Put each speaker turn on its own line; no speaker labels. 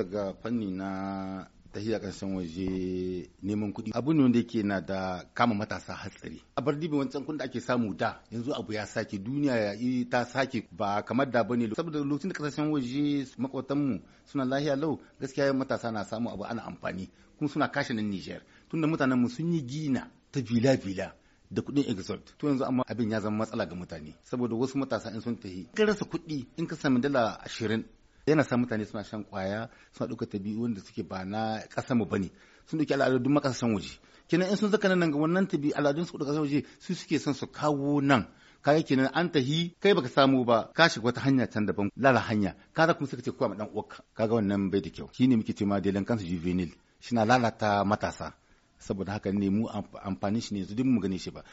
bisa ga fanni na tahiya kasan waje neman kuɗi abu ne wanda yake na da kama matasa hatsari a bar dibi wancan kun da ake samu da yanzu abu ya sake duniya ya ta sake ba kamar da bane saboda lokacin da kasashen waje makwatan mu suna lahiya lau gaskiya matasa na samu abu ana amfani kuma suna kashe nan Niger tunda mutanen mu sun yi gina ta bila bila da kuɗin exalt to yanzu amma abin ya zama matsala ga mutane saboda wasu matasa in sun tahi ka rasa kuɗi in ka sami dala ashirin yana sa mutane suna shan kwaya suna ɗauka tabi'u wanda suke ba na kasa mu bane sun ɗauki al'adun makasan waje kenan in sun zaka nan ga wannan tabi al'adun su ƙasa waje su suke son su kawo nan kaga kenan an tahi kai baka samu ba ka shiga wata hanya can daban lala hanya kaza kuma suka ce kowa dan uwarka kaga wannan bai da kyau shine muke cewa delan kansu juvenile shina lalata matasa saboda haka ne mu
amfani shi ne yanzu duk mu gane shi ba